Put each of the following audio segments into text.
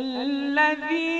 الذي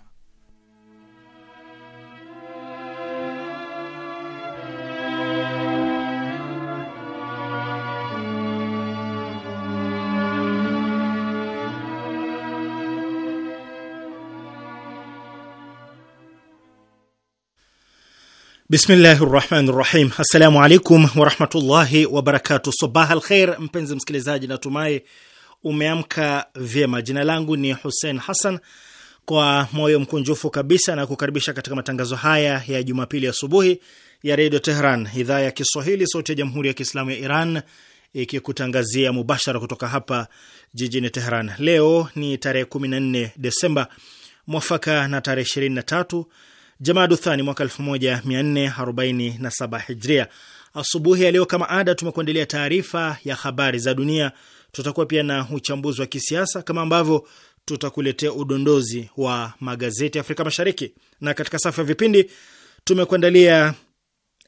Bismillahi rahmani rahim. Assalamu alaikum warahmatullahi wabarakatu. Sabah alkheir, mpenzi msikilizaji, natumai umeamka vyema. Jina langu ni Hussein Hassan, kwa moyo mkunjufu kabisa na kukaribisha katika matangazo haya ya Jumapili asubuhi ya redio Tehran, idhaa ya Kiswahili, sauti ya jamhuri ya Kiislamu ya Iran, ikikutangazia mubashara kutoka hapa jijini Tehran. Leo ni tarehe 14 Desemba mwafaka na tarehe 23 Jamadu Thani mwaka 1447 Hijria. Asubuhi ya leo kama ada, tumekuandalia taarifa ya habari za dunia, tutakuwa pia na uchambuzi wa kisiasa kama ambavyo tutakuletea udondozi wa magazeti ya Afrika Mashariki, na katika safu ya vipindi tumekuandalia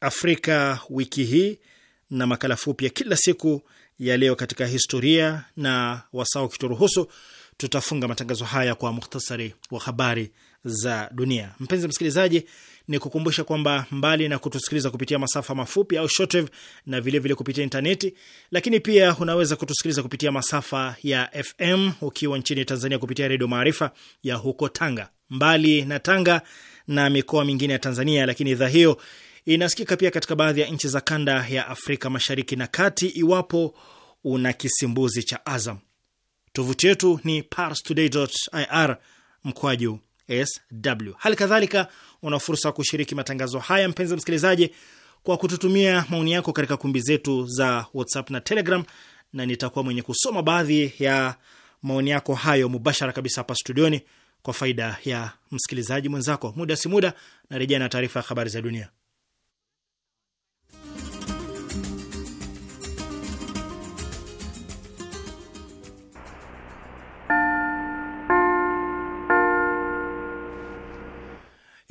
Afrika wiki hii na makala fupi ya kila siku ya leo katika historia, na wasaa ukituruhusu tutafunga matangazo haya kwa muhtasari wa habari za dunia. Mpenzi msikilizaji, ni kukumbusha kwamba mbali na kutusikiliza kupitia masafa mafupi au shortwave na vilevile vile kupitia intaneti, lakini pia unaweza kutusikiliza kupitia masafa ya FM ukiwa nchini Tanzania kupitia Redio Maarifa ya huko Tanga. Mbali na Tanga na mikoa mingine ya Tanzania, lakini idhaa hiyo inasikika pia katika baadhi ya nchi za kanda ya Afrika Mashariki na Kati, iwapo una kisimbuzi cha Azam. Tovuti yetu ni parstoday.ir mkwaju sw. Hali kadhalika una fursa ya kushiriki matangazo haya, mpenzi msikilizaji, kwa kututumia maoni yako katika kumbi zetu za WhatsApp na Telegram, na nitakuwa mwenye kusoma baadhi ya maoni yako hayo mubashara kabisa hapa studioni kwa faida ya msikilizaji mwenzako. Muda si muda narejea na taarifa ya habari za dunia.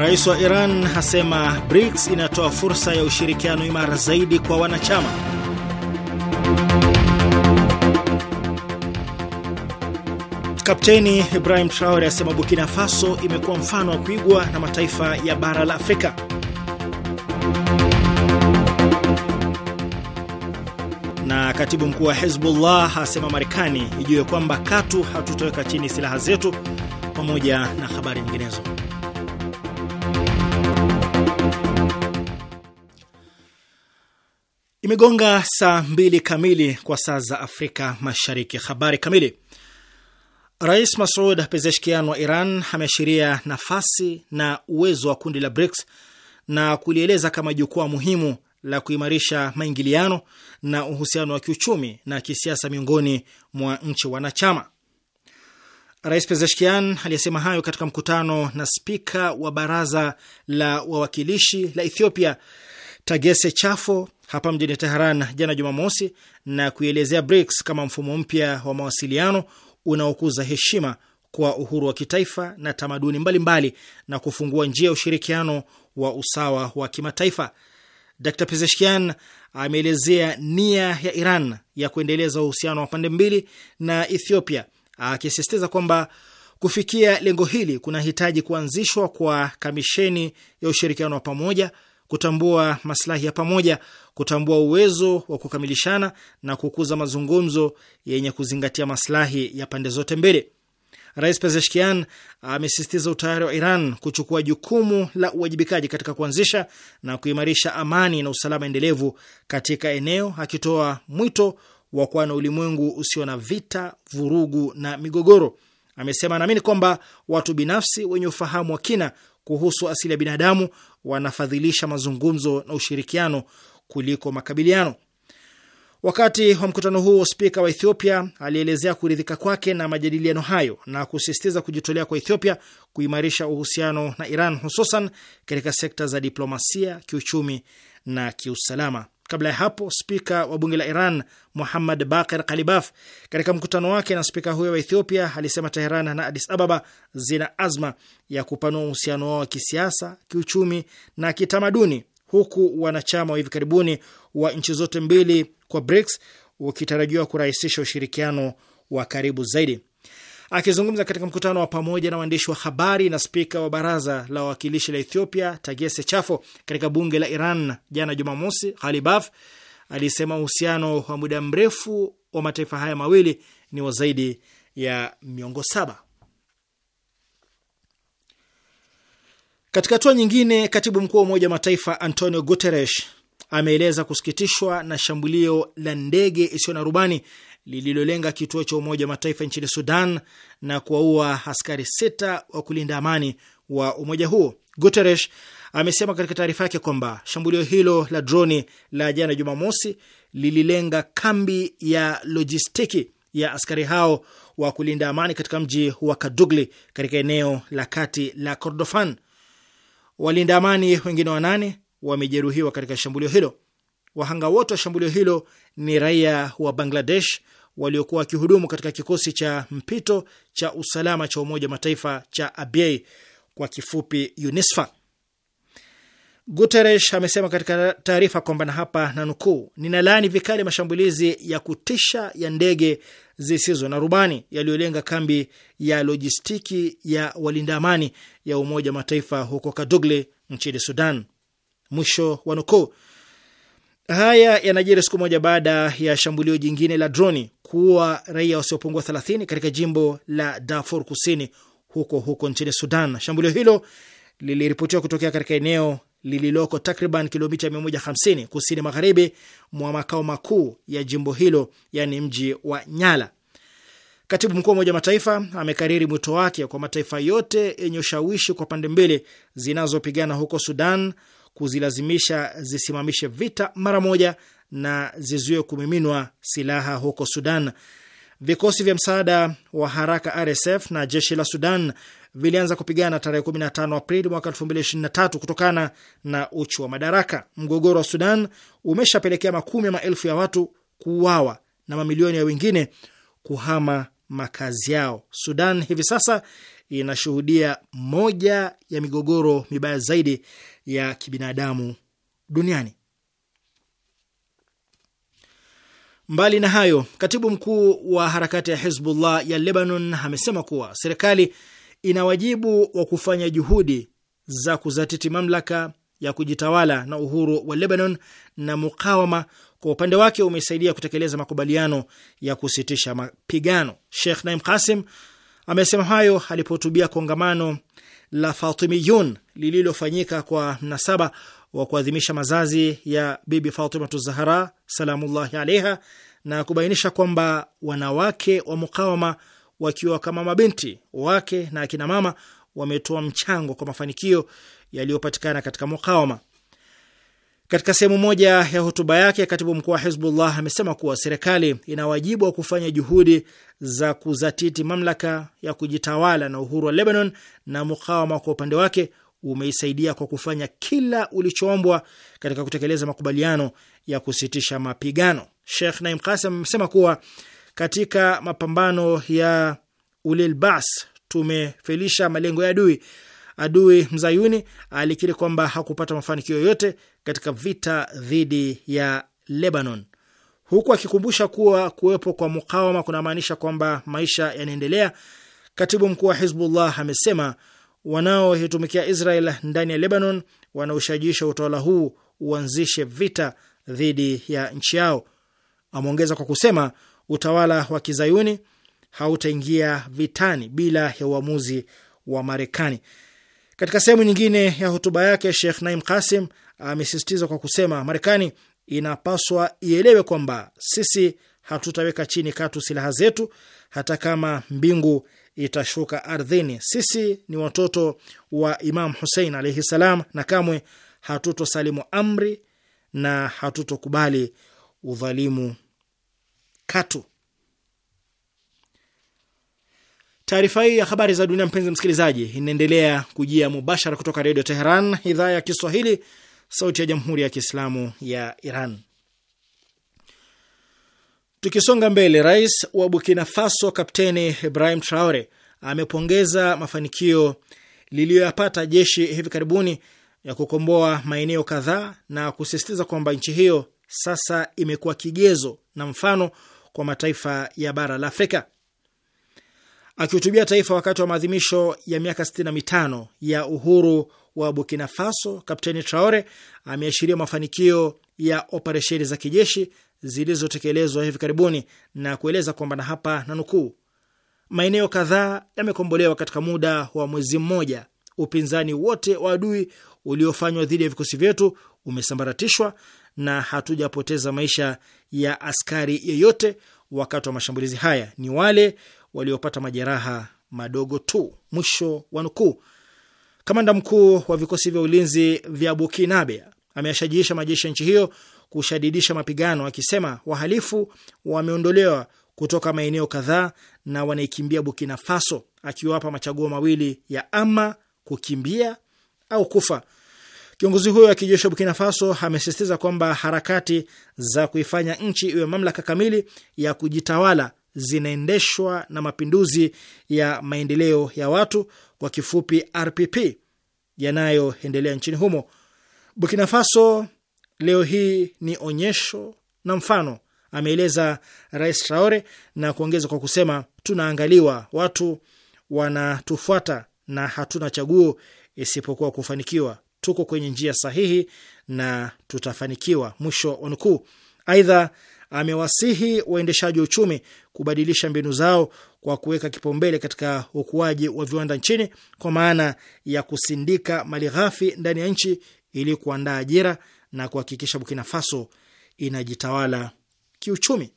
Rais wa Iran hasema BRICS inatoa fursa ya ushirikiano imara zaidi kwa wanachama. Kapteni Ibrahim Traore asema Burkina Faso imekuwa mfano wa kuigwa na mataifa ya bara la Afrika. Na katibu mkuu wa Hezbollah asema Marekani ijue kwamba katu hatutoweka chini silaha zetu, pamoja na habari nyinginezo. Imegonga saa mbili kamili kwa saa za Afrika Mashariki. Habari kamili. Rais Masud Pezeshkian wa Iran ameashiria nafasi na uwezo wa kundi la BRICS na kulieleza kama jukwaa muhimu la kuimarisha maingiliano na uhusiano wa kiuchumi na kisiasa miongoni mwa nchi wanachama. Rais Pezeshkian aliyesema hayo katika mkutano na spika wa baraza la wawakilishi la Ethiopia Tagese Chafo hapa mjini Teheran jana Jumamosi na kuielezea BRICS kama mfumo mpya wa mawasiliano unaokuza heshima kwa uhuru wa kitaifa na tamaduni mbalimbali mbali, na kufungua njia ya ushirikiano wa usawa wa kimataifa. Dr Pezeshkian ameelezea nia ya Iran ya kuendeleza uhusiano wa pande mbili na Ethiopia, akisisitiza kwamba kufikia lengo hili kunahitaji kuanzishwa kwa kamisheni ya ushirikiano wa pamoja kutambua maslahi ya pamoja, kutambua uwezo wa kukamilishana na kukuza mazungumzo yenye kuzingatia maslahi ya pande zote mbili. Rais Pezeshkian amesisitiza utayari wa Iran kuchukua jukumu la uwajibikaji katika kuanzisha na kuimarisha amani na usalama endelevu katika eneo, akitoa mwito wa kuwa na ulimwengu usio na vita, vurugu na migogoro. Amesema anaamini kwamba watu binafsi wenye ufahamu wa kina kuhusu asili ya binadamu wanafadhilisha mazungumzo na ushirikiano kuliko makabiliano. Wakati wa mkutano huo, spika wa Ethiopia alielezea kuridhika kwake na majadiliano hayo na kusisitiza kujitolea kwa Ethiopia kuimarisha uhusiano na Iran, hususan katika sekta za diplomasia, kiuchumi na kiusalama. Kabla ya hapo, spika wa bunge la Iran Muhammad Bakir Kalibaf, katika mkutano wake na spika huyo wa Ethiopia, alisema Teheran na Addis Ababa zina azma ya kupanua uhusiano wao wa kisiasa, kiuchumi na kitamaduni, huku wanachama wa hivi karibuni wa nchi zote mbili kwa BRICS ukitarajiwa kurahisisha ushirikiano wa karibu zaidi. Akizungumza katika mkutano wa pamoja na waandishi wa habari na spika wa baraza la wawakilishi la Ethiopia Tagese Chafo katika bunge la Iran jana Jumamosi, Ghalibaf alisema uhusiano wa muda mrefu wa mataifa haya mawili ni wa zaidi ya miongo saba. Katika hatua nyingine, katibu mkuu wa Umoja wa Mataifa Antonio Guterres ameeleza kusikitishwa na shambulio la ndege isiyo na rubani lililolenga kituo cha Umoja wa Mataifa nchini Sudan na kuwaua askari sita wa kulinda amani wa umoja huo. Guterres amesema katika taarifa yake kwamba shambulio hilo la droni la jana Jumamosi lililenga kambi ya lojistiki ya askari hao wa kulinda amani katika mji wa Kadugli katika eneo la kati la Kordofan. Walinda amani wengine wanane wamejeruhiwa katika shambulio hilo. Wahanga wote wa shambulio hilo ni raia wa Bangladesh waliokuwa wakihudumu katika kikosi cha mpito cha usalama cha Umoja wa Mataifa cha ABA kwa kifupi UNISFA. Guterres amesema katika taarifa kwamba, na hapa na nukuu, ninalaani vikali mashambulizi ya kutisha ya ndege zisizo na rubani yaliyolenga kambi ya lojistiki ya walinda amani ya Umoja wa Mataifa huko kadugli nchini Sudan, mwisho wa nukuu. Haya yanajiri siku moja baada ya shambulio jingine la droni kuua raia wasiopungua 30 katika jimbo la Darfur Kusini, huko huko nchini Sudan. Shambulio hilo liliripotiwa kutokea katika eneo lililoko takriban kilomita 150 kusini magharibi mwa makao makuu ya jimbo hilo, yani mji wa Nyala. Katibu mkuu wa Umoja Mataifa amekariri mwito wake kwa mataifa yote yenye ushawishi kwa pande mbili zinazopigana huko Sudan kuzilazimisha zisimamishe vita mara moja na zizuie kumiminwa silaha huko Sudan. Vikosi vya msaada wa haraka RSF na jeshi la Sudan vilianza kupigana tarehe 15 Aprili mwaka 2023 kutokana na uchu wa madaraka. Mgogoro wa Sudan umeshapelekea makumi ya maelfu ya watu kuuawa na mamilioni ya wengine kuhama makazi yao. Sudan hivi sasa inashuhudia moja ya migogoro mibaya zaidi ya kibinadamu duniani. Mbali na hayo, katibu mkuu wa harakati ya Hizbullah ya Lebanon amesema kuwa serikali ina wajibu wa kufanya juhudi za kuzatiti mamlaka ya kujitawala na uhuru wa Lebanon, na mukawama kwa upande wake umesaidia kutekeleza makubaliano ya kusitisha mapigano. Sheikh Naim Qasim amesema hayo alipohutubia kongamano la Fatimiyun lililofanyika kwa mnasaba wa kuadhimisha mazazi ya Bibi Fatimatu Zahara salamullahi alaiha, na kubainisha kwamba wanawake wa mukawama wakiwa kama mabinti wake na akina mama wametoa mchango kwa mafanikio yaliyopatikana katika mukawama. Katika sehemu moja ya hotuba yake, katibu mkuu wa Hizbullah amesema kuwa serikali ina wajibu wa kufanya juhudi za kuzatiti mamlaka ya kujitawala na uhuru wa Lebanon, na mukawama kwa upande wake umeisaidia kwa kufanya kila ulichoombwa katika kutekeleza makubaliano ya kusitisha mapigano. Sheikh Naim Qasim amesema kuwa katika mapambano ya Ulilbas tumefelisha malengo ya adui. Adui mzayuni alikiri kwamba hakupata mafanikio yoyote katika vita dhidi ya Lebanon, huku akikumbusha kuwa kuwepo kwa mukawama kunamaanisha kwamba maisha yanaendelea. Katibu mkuu wa Hizbullah amesema wanaoitumikia Israel ndani ya Lebanon wanaoshajiisha utawala huu uanzishe vita dhidi ya nchi yao. Ameongeza kwa kusema utawala wa kizayuni hautaingia vitani bila ya uamuzi wa Marekani. Katika sehemu nyingine ya hotuba yake, Sheikh Naim Kasim amesisitiza kwa kusema Marekani inapaswa ielewe kwamba sisi hatutaweka chini katu silaha zetu hata kama mbingu itashuka ardhini. Sisi ni watoto wa Imam Husein alaihi salam, na kamwe hatutosalimu amri na hatutokubali udhalimu katu. Taarifa hii ya habari za dunia, mpenzi msikilizaji, inaendelea kujia mubashara kutoka Redio Teheran, idhaa ya Kiswahili, sauti ya Jamhuri ya Kiislamu ya Iran. Tukisonga mbele, rais wa Burkina Faso Kapteni Ibrahim Traore amepongeza mafanikio liliyoyapata jeshi hivi karibuni ya kukomboa maeneo kadhaa na kusisitiza kwamba nchi hiyo sasa imekuwa kigezo na mfano kwa mataifa ya bara la Afrika. Akihutubia taifa wakati wa maadhimisho ya miaka 65 ya uhuru wa Burkina Faso, Kapteni Traore ameashiria mafanikio ya operesheni za kijeshi zilizotekelezwa hivi karibuni na kueleza kwamba na hapa na nukuu, maeneo kadhaa yamekombolewa katika muda wa mwezi mmoja. Upinzani wote wa adui uliofanywa dhidi ya vikosi vyetu umesambaratishwa na hatujapoteza maisha ya askari yeyote wakati wa mashambulizi haya, ni wale waliopata majeraha madogo tu. Mwisho wa nukuu. Kamanda mkuu wa vikosi vya ulinzi vya Bukinabe ameashajiisha majeshi ya nchi hiyo kushadidisha mapigano, akisema wahalifu wameondolewa kutoka maeneo kadhaa na wanaikimbia Burkina Faso, akiwapa machaguo mawili ya ama kukimbia au kufa. Kiongozi huyo wa kijeshi wa Burkina Faso amesisitiza kwamba harakati za kuifanya nchi iwe mamlaka kamili ya kujitawala zinaendeshwa na mapinduzi ya maendeleo ya watu, kwa kifupi RPP, yanayoendelea nchini humo. Burkina Faso leo hii ni onyesho na mfano, ameeleza Rais Traore na kuongeza kwa kusema, tunaangaliwa, watu wanatufuata na hatuna chaguo isipokuwa kufanikiwa. Tuko kwenye njia sahihi na tutafanikiwa, mwisho wa nukuu. Aidha, amewasihi waendeshaji wa uchumi kubadilisha mbinu zao kwa kuweka kipaumbele katika ukuaji wa viwanda nchini kwa maana ya kusindika mali ghafi ndani ya nchi ili kuandaa ajira na kuhakikisha Burkina Faso inajitawala kiuchumi.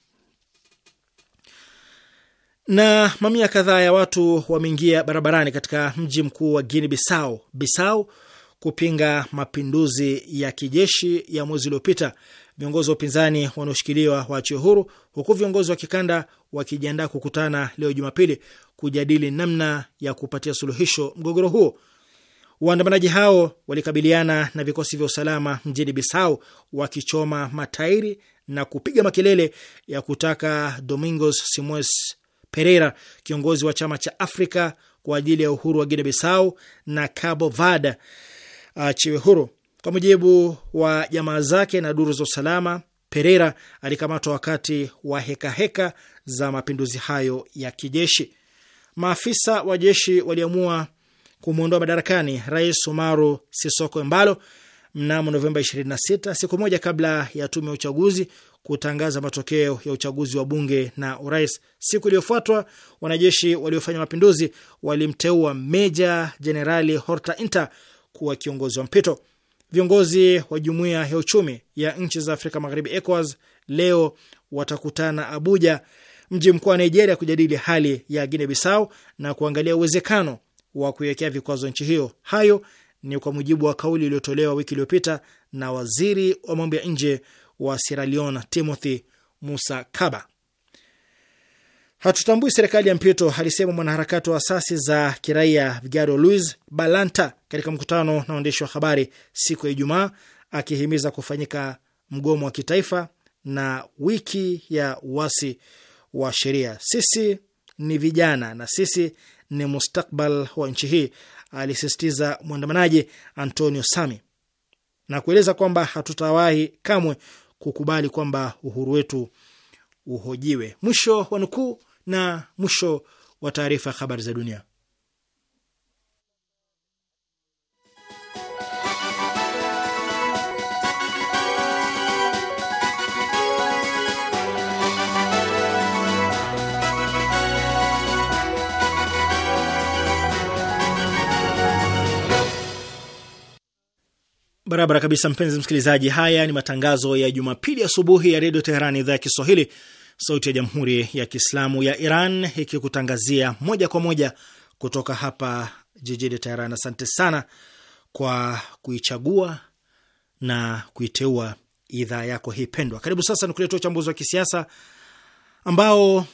Na mamia kadhaa ya watu wameingia barabarani katika mji mkuu wa Guinea Bissau, Bissau kupinga mapinduzi ya kijeshi ya mwezi uliopita. Viongozi wa upinzani wanaoshikiliwa waachiwe huru, huku viongozi wa kikanda wakijiandaa kukutana leo Jumapili kujadili namna ya kupatia suluhisho mgogoro huo. Waandamanaji hao walikabiliana na vikosi vya usalama mjini Bisau wakichoma matairi na kupiga makelele ya kutaka Domingos Simoes Pereira, kiongozi wa chama cha Afrika kwa ajili ya uhuru wa Guinea Bisau na Cabo Verde, achiwe huru. Kwa mujibu wa jamaa zake na duru za usalama, Pereira alikamatwa wakati wa hekaheka heka za mapinduzi hayo ya kijeshi. Maafisa wa jeshi waliamua kumwondoa madarakani Rais Umaru Sisoko Embalo mnamo Novemba 26, siku moja kabla ya tume ya uchaguzi kutangaza matokeo ya uchaguzi wa bunge na urais. Siku iliyofuatwa wanajeshi waliofanya mapinduzi walimteua Meja Jenerali Horta Inte kuwa kiongozi wa mpito. Viongozi wa Jumuiya ya Uchumi ya Nchi za Afrika Magharibi, ECOWAS, leo watakutana Abuja, mji mkuu wa Nigeria, kujadili hali ya Guinea Bissau na kuangalia uwezekano wa kuiwekea vikwazo nchi hiyo. Hayo ni kwa mujibu wa kauli iliyotolewa wiki iliyopita na waziri wa mambo ya nje wa Sierra Leone Timothy Musa Kaba. Hatutambui serikali ya mpito, alisema mwanaharakati wa asasi za kiraia Vigaro Luis Balanta katika mkutano na waandishi wa habari siku ya Ijumaa, akihimiza kufanyika mgomo wa kitaifa na wiki ya uasi wa sheria. Sisi ni vijana na sisi ni mustakbal wa nchi hii, alisisitiza mwandamanaji Antonio Sami na kueleza kwamba hatutawahi kamwe kukubali kwamba uhuru wetu uhojiwe. Mwisho wa nukuu na mwisho wa taarifa ya habari za dunia. Barabara kabisa, mpenzi msikilizaji. Haya ni matangazo ya Jumapili asubuhi ya Redio Teheran, idhaa ya Kiswahili, sauti ya Jamhuri ya Kiislamu ya Iran, ikikutangazia moja kwa moja kutoka hapa jijini Teheran. Asante sana kwa kuichagua na kuiteua idhaa yako hii pendwa. Karibu sasa ni kuletea uchambuzi wa kisiasa ambao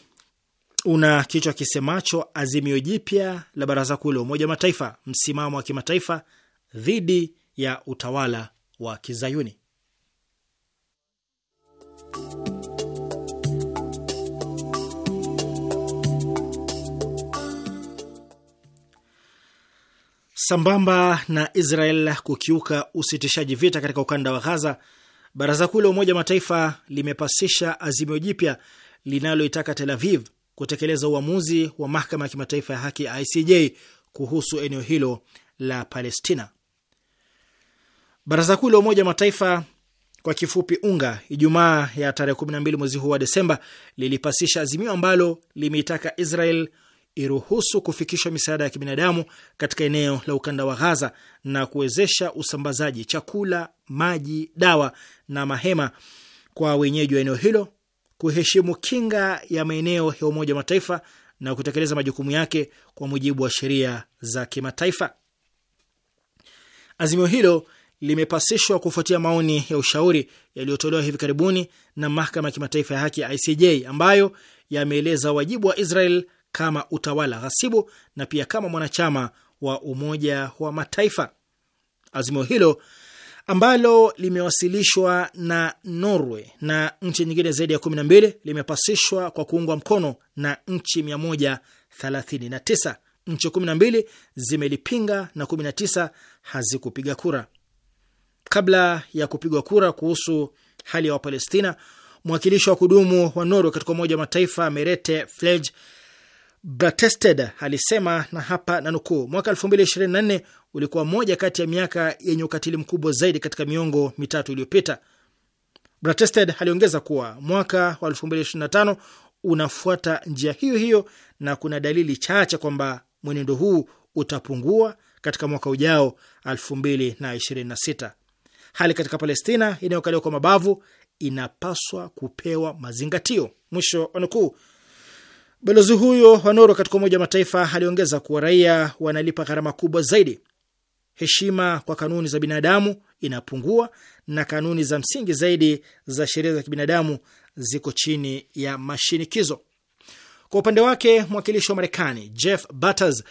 una kichwa kisemacho azimio jipya la Baraza Kuu la Umoja wa Mataifa, msimamo wa kimataifa dhidi ya utawala wa Kizayuni. Sambamba na Israel kukiuka usitishaji vita katika ukanda wa Ghaza, baraza kuu la Umoja Mataifa limepasisha azimio jipya linaloitaka Tel Aviv kutekeleza uamuzi wa mahakama ya kimataifa ya haki ICJ kuhusu eneo hilo la Palestina. Baraza Kuu la Umoja wa Mataifa kwa kifupi UNGA Ijumaa ya tarehe mbili mwezi huu wa Desemba lilipasisha azimio ambalo limeitaka Israel iruhusu kufikishwa misaada ya kibinadamu katika eneo la ukanda wa Ghaza na kuwezesha usambazaji chakula, maji, dawa na mahema kwa wenyeji wa eneo hilo, kuheshimu kinga ya maeneo ya Umoja wa Mataifa na kutekeleza majukumu yake kwa mujibu wa sheria za kimataifa. Azimio hilo limepasishwa kufuatia maoni ya ushauri yaliyotolewa hivi karibuni na mahakama ya kimataifa ya haki ICJ, ambayo yameeleza wajibu wa Israel kama utawala ghasibu na pia kama mwanachama wa Umoja wa Mataifa. Azimio hilo ambalo limewasilishwa na Norway na nchi nyingine zaidi ya mbili limepasishwa kwa kuungwa mkono na nchi tisa. Nchi mbili zimelipinga na tisa hazikupiga kura. Kabla ya kupigwa kura kuhusu hali ya Wapalestina, mwakilishi wa kudumu wa norway katika Umoja wa Mataifa Merete fleg Bratested alisema, na hapa na nukuu, mwaka 2024 ulikuwa moja kati ya miaka yenye ukatili mkubwa zaidi katika miongo mitatu iliyopita. Bratested aliongeza kuwa mwaka wa 2025 unafuata njia hiyo hiyo na kuna dalili chache kwamba mwenendo huu utapungua katika mwaka ujao 2026 hali katika Palestina inayokaliwa kwa mabavu inapaswa kupewa mazingatio, mwisho wa nukuu. Balozi huyo wa Norway katika Umoja wa Mataifa aliongeza kuwa raia wanalipa gharama kubwa zaidi, heshima kwa kanuni za binadamu inapungua na kanuni za msingi zaidi za sheria za kibinadamu ziko chini ya mashinikizo. Kwa upande wake mwakilishi wa Marekani Jeff Batters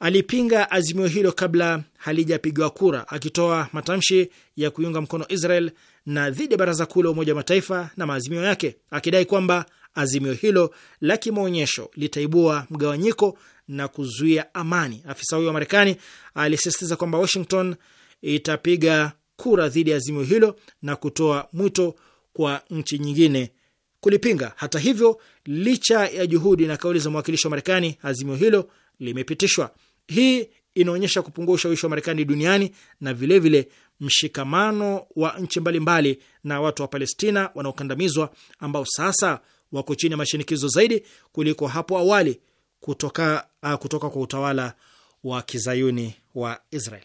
alipinga azimio hilo kabla halijapigiwa kura, akitoa matamshi ya kuiunga mkono Israel na dhidi ya baraza kuu la Umoja wa Mataifa na maazimio yake, akidai kwamba azimio hilo la kimaonyesho litaibua mgawanyiko na kuzuia amani. Afisa huyo wa Marekani alisisitiza kwamba Washington itapiga kura dhidi ya azimio hilo na kutoa mwito kwa nchi nyingine kulipinga. Hata hivyo, licha ya juhudi na kauli za mwakilishi wa Marekani, azimio hilo limepitishwa. Hii inaonyesha kupungua ushawishi wa Marekani duniani na vilevile vile mshikamano wa nchi mbalimbali na watu wa Palestina wanaokandamizwa ambao sasa wako chini ya mashinikizo zaidi kuliko hapo awali kutoka, uh, kutoka kwa utawala wa kizayuni wa Israel.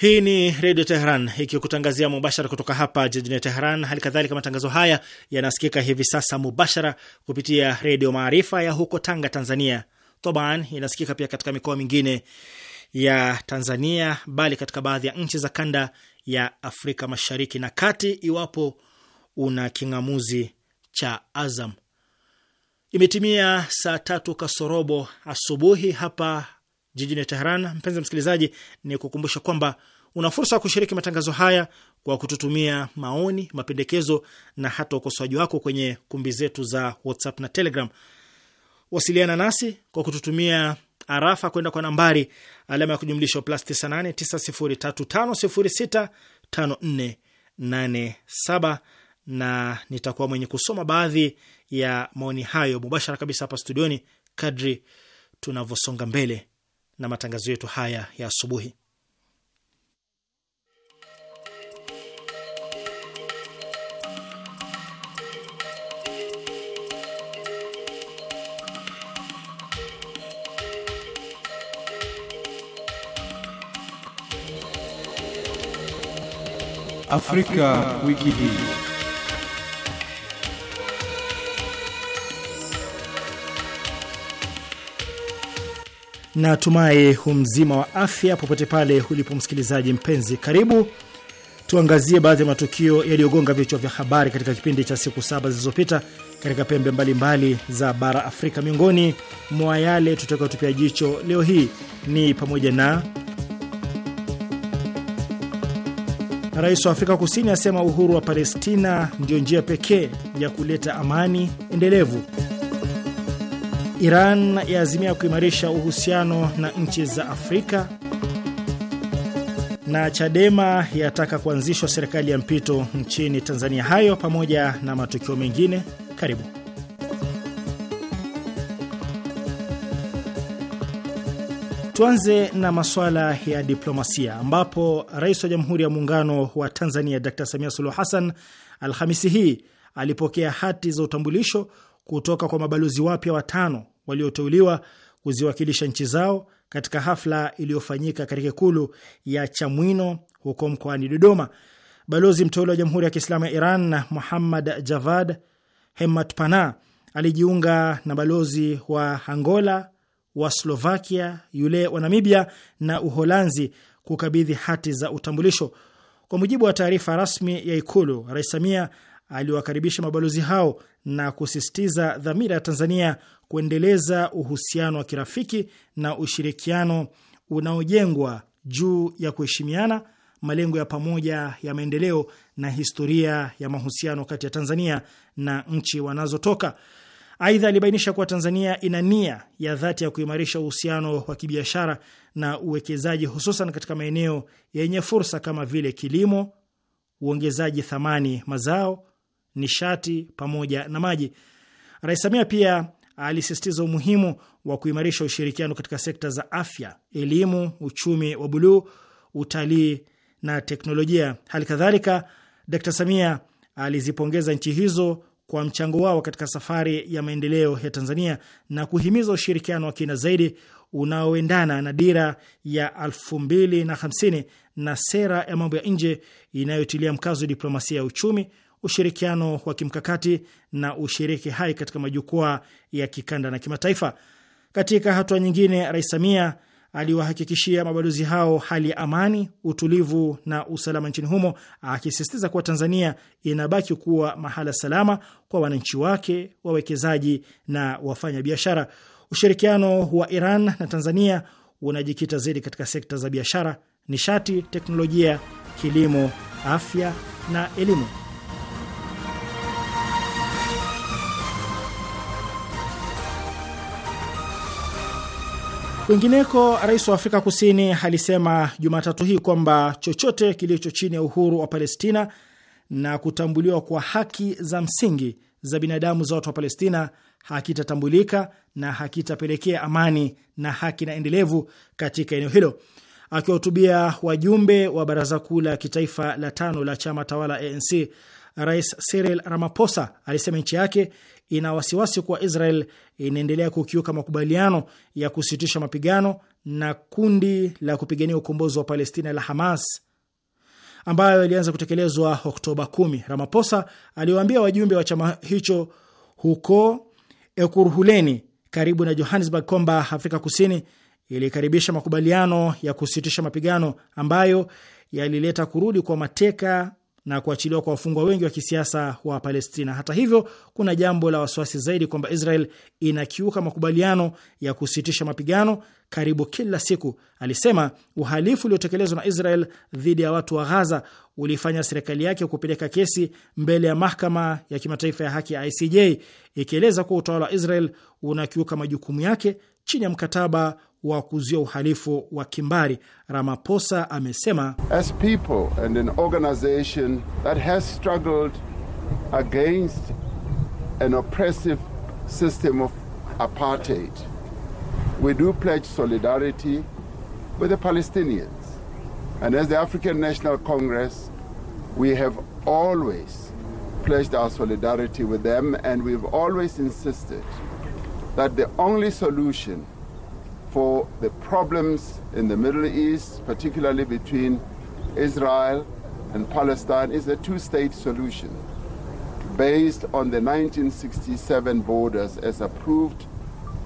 Hii ni Redio Teheran ikikutangazia mubashara kutoka hapa jijini Teheran. Hali kadhalika matangazo haya yanasikika hivi sasa mubashara kupitia Redio Maarifa ya huko Tanga, Tanzania. Toban inasikika pia katika mikoa mingine ya Tanzania, bali katika baadhi ya nchi za kanda ya Afrika Mashariki na Kati, iwapo una king'amuzi cha Azam. Imetimia saa tatu kasorobo asubuhi hapa jijini Tehran. Mpenzi msikilizaji, ni kukumbusha kwamba una fursa ya kushiriki matangazo haya kwa kututumia maoni, mapendekezo na hata ukosoaji wako kwenye kumbi zetu za WhatsApp na Telegram. Wasiliana nasi kwa kututumia arafa kwenda kwa nambari alama ya kujumlisha plus 989035065487 na nitakuwa mwenye kusoma baadhi ya maoni hayo mubashara kabisa hapa studioni kadri tunavyosonga mbele na matangazo yetu haya ya asubuhi. Afrika, Afrika wiki hii. na tumaye humzima wa afya popote pale ulipo msikilizaji mpenzi. Karibu tuangazie baadhi ya matukio yaliyogonga vichwa vya habari katika kipindi cha siku saba zilizopita katika pembe mbalimbali mbali za bara Afrika. Miongoni mwa yale tutakaotupia jicho leo hii ni pamoja na Rais wa Afrika Kusini asema uhuru wa Palestina ndio njia pekee ya kuleta amani endelevu. Iran yaazimia kuimarisha uhusiano na nchi za Afrika, na Chadema yataka kuanzishwa serikali ya mpito nchini Tanzania. Hayo pamoja na matukio mengine, karibu. Tuanze na masuala ya diplomasia ambapo rais wa Jamhuri ya Muungano wa Tanzania Dr Samia Suluhu Hassan Alhamisi hii alipokea hati za utambulisho kutoka kwa mabalozi wapya watano walioteuliwa kuziwakilisha nchi zao katika hafla iliyofanyika katika ikulu ya Chamwino huko mkoani Dodoma. Balozi mteule wa Jamhuri ya Kiislamu ya Iran Muhammad Javad Hemat Pana alijiunga na balozi wa Angola, wa Slovakia, yule wa Namibia na Uholanzi kukabidhi hati za utambulisho. Kwa mujibu wa taarifa rasmi ya Ikulu, Rais Samia aliwakaribisha mabalozi hao na kusisitiza dhamira ya Tanzania kuendeleza uhusiano wa kirafiki na ushirikiano unaojengwa juu ya kuheshimiana, malengo ya pamoja ya maendeleo na historia ya mahusiano kati ya Tanzania na nchi wanazotoka. Aidha, alibainisha kuwa Tanzania ina nia ya dhati ya kuimarisha uhusiano wa kibiashara na uwekezaji, hususan katika maeneo yenye fursa kama vile kilimo, uongezaji thamani mazao, nishati pamoja na maji. Rais Samia pia alisisitiza umuhimu wa kuimarisha ushirikiano katika sekta za afya, elimu, uchumi wa buluu, utalii na teknolojia. Hali kadhalika, Dkt Samia alizipongeza nchi hizo kwa mchango wao katika safari ya maendeleo ya Tanzania na kuhimiza ushirikiano wa kina zaidi unaoendana na dira ya 2050 na sera ya mambo ya nje inayotilia mkazo diplomasia ya uchumi ushirikiano wa kimkakati na ushiriki hai katika majukwaa ya kikanda na kimataifa. Katika hatua nyingine, Rais Samia aliwahakikishia mabalozi hao hali ya amani, utulivu na usalama nchini humo, akisisitiza kuwa Tanzania inabaki kuwa mahala salama kwa wananchi wake, wawekezaji na wafanya biashara. Ushirikiano wa Iran na Tanzania unajikita zaidi katika sekta za biashara, nishati, teknolojia, kilimo, afya na elimu. Kwingineko, rais wa Afrika Kusini alisema Jumatatu hii kwamba chochote kilicho chini ya uhuru wa Palestina na kutambuliwa kwa haki za msingi za binadamu za watu wa Palestina hakitatambulika na hakitapelekea amani na haki na endelevu katika eneo hilo. Akiwahutubia wajumbe wa baraza kuu la kitaifa la tano la chama tawala ANC, Rais Cyril Ramaphosa alisema nchi yake ina wasiwasi kuwa Israel inaendelea kukiuka makubaliano ya kusitisha mapigano na kundi la kupigania ukombozi wa Palestina la Hamas ambayo ilianza kutekelezwa Oktoba 10. Ramaphosa aliwaambia wajumbe wa chama hicho huko Ekurhuleni karibu na Johannesburg kwamba Afrika Kusini ilikaribisha makubaliano ya kusitisha mapigano ambayo yalileta kurudi kwa mateka na kuachiliwa kwa wafungwa wengi wa kisiasa wa Palestina. Hata hivyo, kuna jambo la wasiwasi zaidi kwamba Israel inakiuka makubaliano ya kusitisha mapigano karibu kila siku, alisema. Uhalifu uliotekelezwa na Israel dhidi ya watu wa Ghaza ulifanya serikali yake kupeleka kesi mbele ya mahakama ya kimataifa ya haki ya ICJ, ikieleza kuwa utawala wa Israel unakiuka majukumu yake chini ya mkataba wa kuzuia uhalifu wa kimbari, Ramaphosa amesema As people and an organization that has struggled against an oppressive system of apartheid we do pledge solidarity with the Palestinians and as the African National Congress we have always pledged our solidarity with them and we've always insisted that the only solution for the problems in the Middle East, particularly between Israel and Palestine, is a two state solution based on the 1967 borders as approved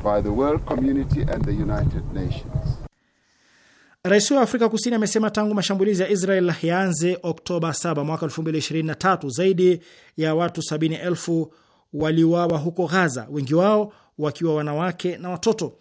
by the world community and the United Nations. Rais wa Afrika Kusini amesema tangu mashambulizi ya Israel yaanze Oktoba 7 mwaka 2023 zaidi ya watu 70,000 waliuawa huko Gaza, wengi wao wakiwa wanawake na watoto.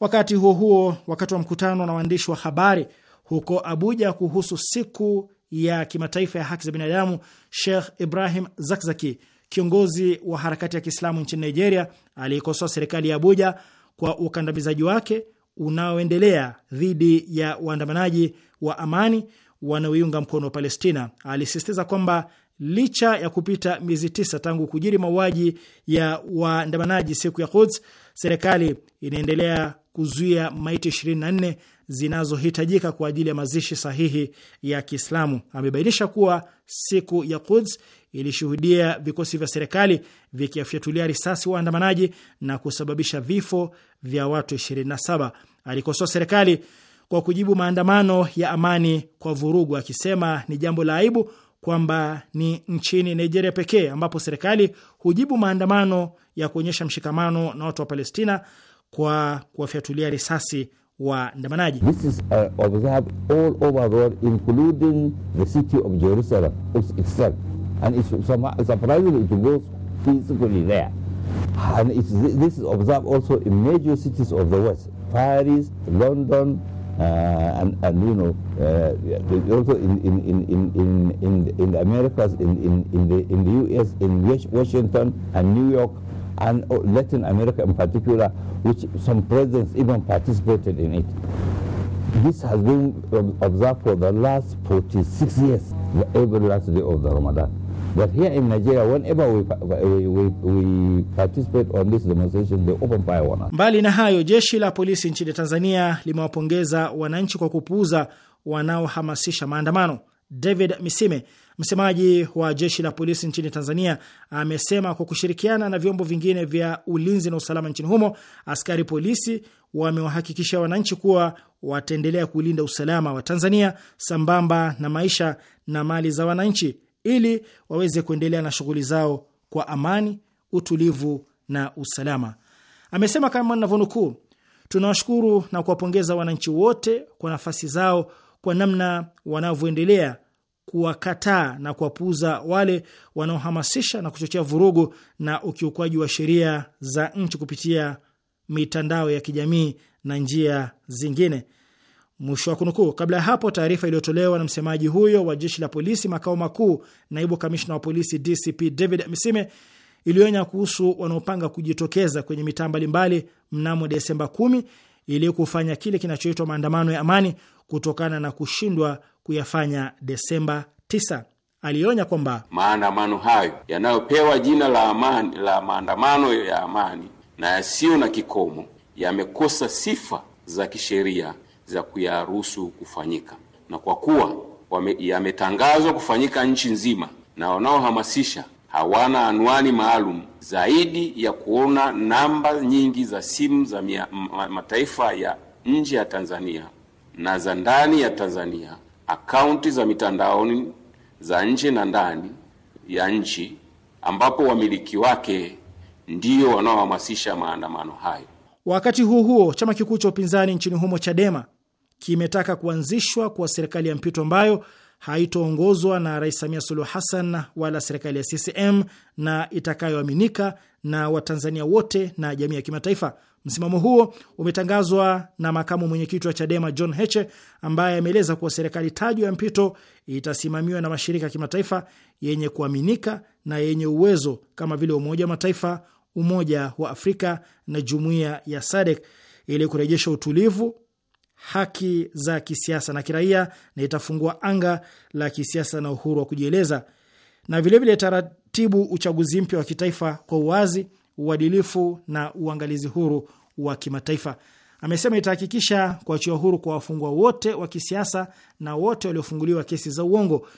Wakati huo huo, wakati wa mkutano na waandishi wa habari huko Abuja kuhusu siku ya kimataifa ya haki za binadamu, Sheikh Ibrahim Zakzaki, kiongozi wa harakati ya Kiislamu nchini Nigeria, aliikosoa serikali ya Abuja kwa ukandamizaji wake unaoendelea dhidi ya waandamanaji wa amani wanaoiunga mkono wa Palestina. Alisisitiza kwamba licha ya kupita miezi tisa tangu kujiri mauaji ya waandamanaji siku ya Quds, serikali inaendelea kuzuia maiti 24 zinazohitajika kwa ajili ya mazishi sahihi ya Kiislamu. Amebainisha kuwa siku ya Quds ilishuhudia vikosi vya serikali vikiafyatulia risasi waandamanaji na kusababisha vifo vya watu 27. Alikosoa serikali kwa kujibu maandamano ya amani kwa vurugu, akisema ni jambo la aibu kwamba ni nchini Nigeria pekee ambapo serikali hujibu maandamano ya kuonyesha mshikamano na watu wa Palestina kwa kuwafyatulia risasi waandamanaji. This is uh, observed also in major cities of the West, Paris, London, Uh, and, and you know uh, also in, in, in, in, in, in the Americas, in, in, in, the, in the U.S., in Washington and New York, and uh, Latin America in particular, which some presidents even participated in it. This has been um, observed for the last 46 years, every last day of the Ramadan. But here in Nigeria, whenever we, we, we participate on this demonstration, they open fire on us. Mbali na hayo, jeshi la polisi nchini Tanzania limewapongeza wananchi kwa kupuuza wanaohamasisha maandamano. David Misime, msemaji wa jeshi la polisi nchini Tanzania, amesema kwa kushirikiana na vyombo vingine vya ulinzi na usalama nchini humo, askari polisi wamewahakikishia wananchi kuwa wataendelea kulinda usalama wa Tanzania sambamba na maisha na mali za wananchi ili waweze kuendelea na shughuli zao kwa amani, utulivu na usalama. Amesema kama navyonukuu, tunawashukuru na kuwapongeza wananchi wote kwa nafasi zao, kwa namna wanavyoendelea kuwakataa na kuwapuuza wale wanaohamasisha na kuchochea vurugu na ukiukwaji wa sheria za nchi kupitia mitandao ya kijamii na njia zingine. Mwisho wa kunukuu. Kabla ya hapo, taarifa iliyotolewa na msemaji huyo wa jeshi la polisi makao makuu, naibu kamishna wa polisi DCP David Msime, ilionya kuhusu wanaopanga kujitokeza kwenye mitaa mbalimbali mnamo Desemba kumi ili kufanya kile kinachoitwa maandamano ya amani kutokana na kushindwa kuyafanya Desemba 9. Alionya kwamba maandamano hayo yanayopewa jina la amani, la maandamano ya amani na yasiyo na kikomo yamekosa sifa za kisheria za kuyaruhusu kufanyika, na kwa kuwa yametangazwa kufanyika nchi nzima na wanaohamasisha hawana anwani maalum zaidi ya kuona namba nyingi za simu za mia, ma, mataifa ya nje ya Tanzania na za ndani ya Tanzania, akaunti za mitandaoni za nje na ndani ya nchi, ambapo wamiliki wake ndio wanaohamasisha maandamano hayo. Wakati huo huo, chama kikuu cha upinzani nchini humo Chadema kimetaka kuanzishwa kwa serikali ya mpito ambayo haitoongozwa na Rais Samia Suluhu Hassan wala serikali ya CCM na itakayoaminika na Watanzania wote na jamii ya kimataifa. Msimamo huo umetangazwa na makamu mwenyekiti wa Chadema John Heche ambaye ameeleza kuwa serikali tajwa ya mpito itasimamiwa na mashirika ya kimataifa yenye kuaminika na yenye uwezo kama vile Umoja wa Mataifa, Umoja wa Afrika na Jumuiya ya SADC ili kurejesha utulivu haki za kisiasa na kiraia na itafungua anga la kisiasa na uhuru wa kujieleza na vilevile taratibu uchaguzi mpya wa kitaifa kwa uwazi, uadilifu na uangalizi huru wa kimataifa. Amesema itahakikisha kuachia huru kwa wafungwa wote wa kisiasa na wote waliofunguliwa kesi za uongo,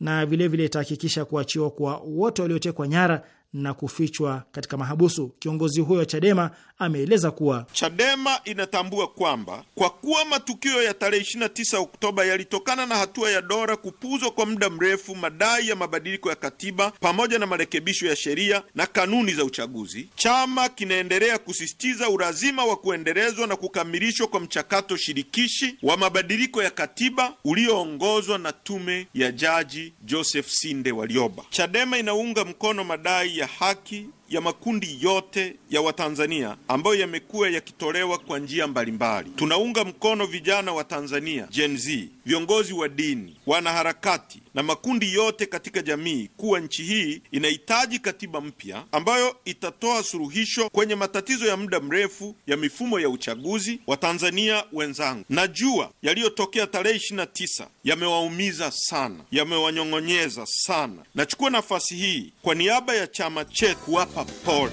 na vilevile itahakikisha kuachiwa kwa wote waliotekwa nyara na kufichwa katika mahabusu. Kiongozi huyo wa Chadema ameeleza kuwa Chadema inatambua kwamba kwa kuwa matukio ya tarehe 29 Oktoba yalitokana na hatua ya dora kupuzwa kwa muda mrefu madai ya mabadiliko ya katiba pamoja na marekebisho ya sheria na kanuni za uchaguzi, chama kinaendelea kusisitiza ulazima wa kuendelezwa na kukamilishwa kwa mchakato shirikishi wa mabadiliko ya katiba ulioongozwa na tume ya Jaji Joseph Sinde Walioba. Chadema inaunga mkono madai hack ya makundi yote ya Watanzania ambayo yamekuwa yakitolewa kwa njia mbalimbali. Tunaunga mkono vijana wa Tanzania Gen Z, viongozi wa dini, wanaharakati na makundi yote katika jamii kuwa nchi hii inahitaji katiba mpya ambayo itatoa suluhisho kwenye matatizo ya muda mrefu ya mifumo ya uchaguzi. Watanzania wenzangu, najua yaliyotokea tarehe tisa yamewaumiza sana, yamewanyong'onyeza sana. Nachukua nafasi hii kwa niaba ya chama chetu hapa Paul.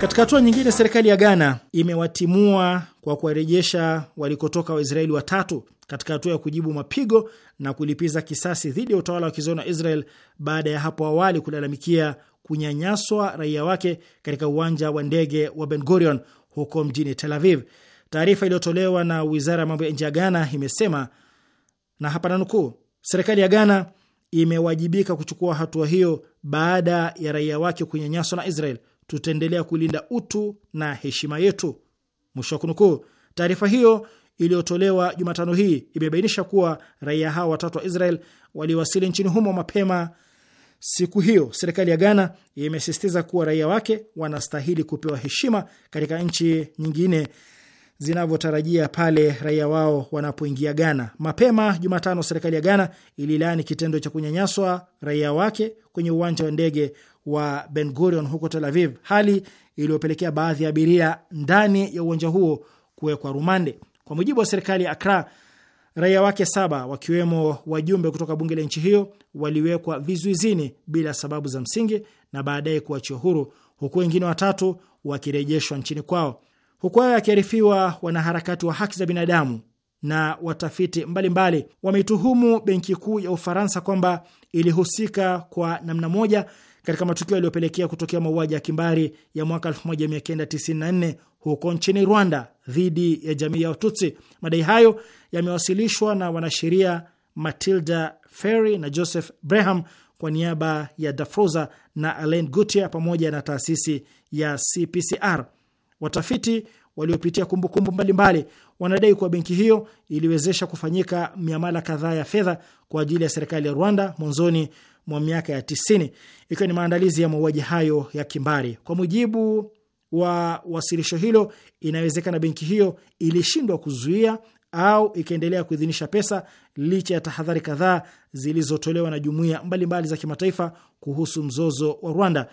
Katika hatua nyingine, serikali ya Ghana imewatimua kwa kuwarejesha walikotoka Waisraeli watatu katika hatua ya kujibu mapigo na kulipiza kisasi dhidi ya utawala wa kizayuni wa Israel baada ya hapo awali kulalamikia kunyanyaswa raia wake katika uwanja wa ndege wa Ben Gurion huko mjini Tel Aviv. Taarifa iliyotolewa na wizara ya mambo ya nje ya Ghana imesema na hapa nanukuu, serikali ya Ghana imewajibika kuchukua hatua hiyo baada ya raia wake kunyanyaswa na Israel. Tutaendelea kulinda utu na heshima yetu, mwisho wa kunukuu. Taarifa hiyo iliyotolewa Jumatano hii imebainisha kuwa raia hao watatu wa Israel waliwasili nchini humo mapema siku hiyo. Serikali ya Ghana imesisitiza kuwa raia wake wanastahili kupewa heshima katika nchi nyingine zinavyotarajia pale raia wao wanapoingia Ghana. Mapema Jumatano, serikali ya Ghana ililaani kitendo cha kunyanyaswa raia wake kwenye uwanja wa ndege wa Ben Gurion huko Tel Aviv, hali iliyopelekea baadhi ya abiria ndani ya uwanja huo kuwekwa rumande. Kwa mujibu wa serikali ya Akra, raia wake saba wakiwemo wajumbe kutoka bunge la nchi hiyo waliwekwa vizuizini bila sababu za msingi na baadaye kuachiwa huru, huku wengine watatu wakirejeshwa nchini kwao. Huku hayo yakiarifiwa, wanaharakati wa haki za binadamu na watafiti mbalimbali wameituhumu benki kuu ya Ufaransa kwamba ilihusika kwa namna moja katika matukio yaliyopelekea kutokea mauaji ya kimbari ya mwaka 1994 huko nchini Rwanda dhidi ya jamii ya Watutsi. Madai hayo yamewasilishwa na wanasheria Matilda Ferry na Joseph Breham kwa niaba ya Dafroza na Alain Gutier pamoja na taasisi ya CPCR. Watafiti waliopitia kumbukumbu mbalimbali wanadai kuwa benki hiyo iliwezesha kufanyika miamala kadhaa ya fedha kwa ajili ya serikali ya Rwanda mwanzoni mwa miaka ya 90 ikiwa ni maandalizi ya mauaji hayo ya kimbari. Kwa mujibu wa wasilisho hilo, inawezekana benki hiyo ilishindwa kuzuia au ikaendelea kuidhinisha pesa licha ya tahadhari kadhaa zilizotolewa na jumuiya mbalimbali za kimataifa kuhusu mzozo wa Rwanda.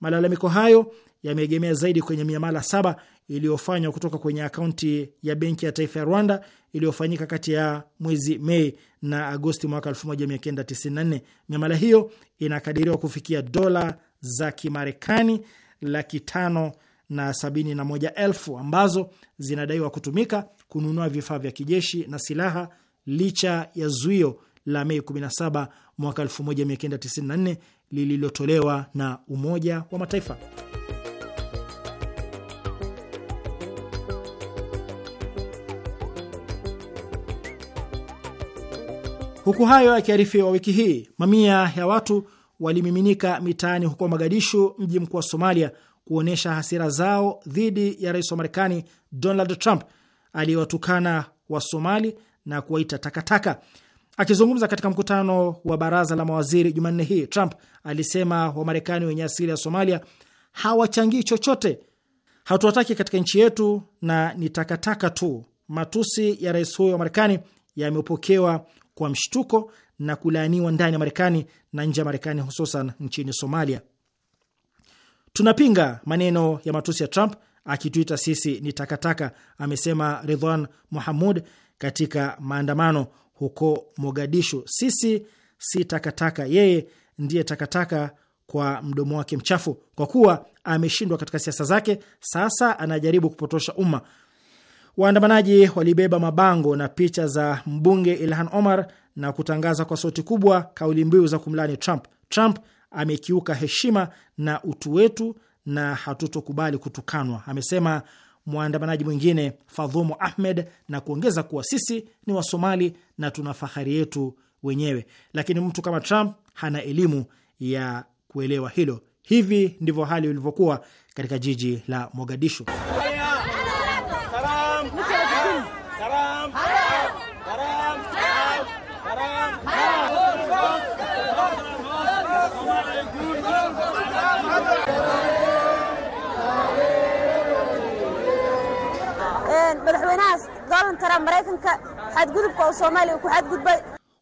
Malalamiko hayo yameegemea zaidi kwenye miamala saba iliyofanywa kutoka kwenye akaunti ya benki ya taifa ya Rwanda iliyofanyika kati ya mwezi Mei na Agosti mwaka 1994. Miamala hiyo inakadiriwa kufikia dola za Kimarekani laki tano na sabini na moja elfu ambazo zinadaiwa kutumika kununua vifaa vya kijeshi na silaha licha ya zuio la Mei 17 mwaka 1994 lililotolewa na Umoja wa Mataifa. Huku hayo yakiarifiwa, wiki hii mamia ya watu walimiminika mitaani huko Mogadishu, mji mkuu wa Somalia, kuonyesha hasira zao dhidi ya rais wa Marekani Donald Trump aliyewatukana Wasomali na kuwaita takataka. Akizungumza katika mkutano wa baraza la mawaziri Jumanne hii, Trump alisema Wamarekani wenye asili ya Somalia hawachangii chochote, hatuwataki katika nchi yetu na ni takataka tu. Matusi ya rais huyo wa Marekani yamepokewa kwa mshtuko na kulaaniwa ndani ya Marekani na nje ya Marekani, hususan nchini Somalia. Tunapinga maneno ya matusi ya Trump akituita sisi ni takataka, amesema Ridwan Muhamud katika maandamano huko Mogadishu. Sisi si takataka, yeye ndiye takataka kwa mdomo wake mchafu. Kwa kuwa ameshindwa katika siasa zake, sasa anajaribu kupotosha umma. Waandamanaji walibeba mabango na picha za mbunge Ilhan Omar na kutangaza kwa sauti kubwa kauli mbiu za kumlani Trump. Trump amekiuka heshima na utu wetu na hatutokubali kutukanwa, amesema mwandamanaji mwingine Fadhumu Ahmed na kuongeza kuwa sisi ni Wasomali na tuna fahari yetu wenyewe, lakini mtu kama Trump hana elimu ya kuelewa hilo. Hivi ndivyo hali ilivyokuwa katika jiji la Mogadishu. xadgudubka Soomaaliya ku xadgudbay.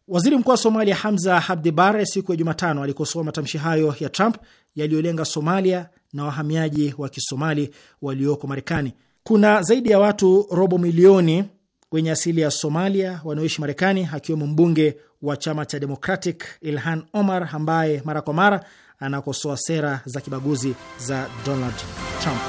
Waziri Mkuu wa Somalia Hamza Habdi Bare siku ya Jumatano alikosoa matamshi hayo ya Trump yaliyolenga Somalia na wahamiaji wa Kisomali walioko Marekani. Kuna zaidi ya watu robo milioni wenye asili ya Somalia wanaoishi Marekani, akiwemo mbunge wa chama cha Democratic Ilhan Omar ambaye mara kwa mara anakosoa sera za kibaguzi za Donald Trump.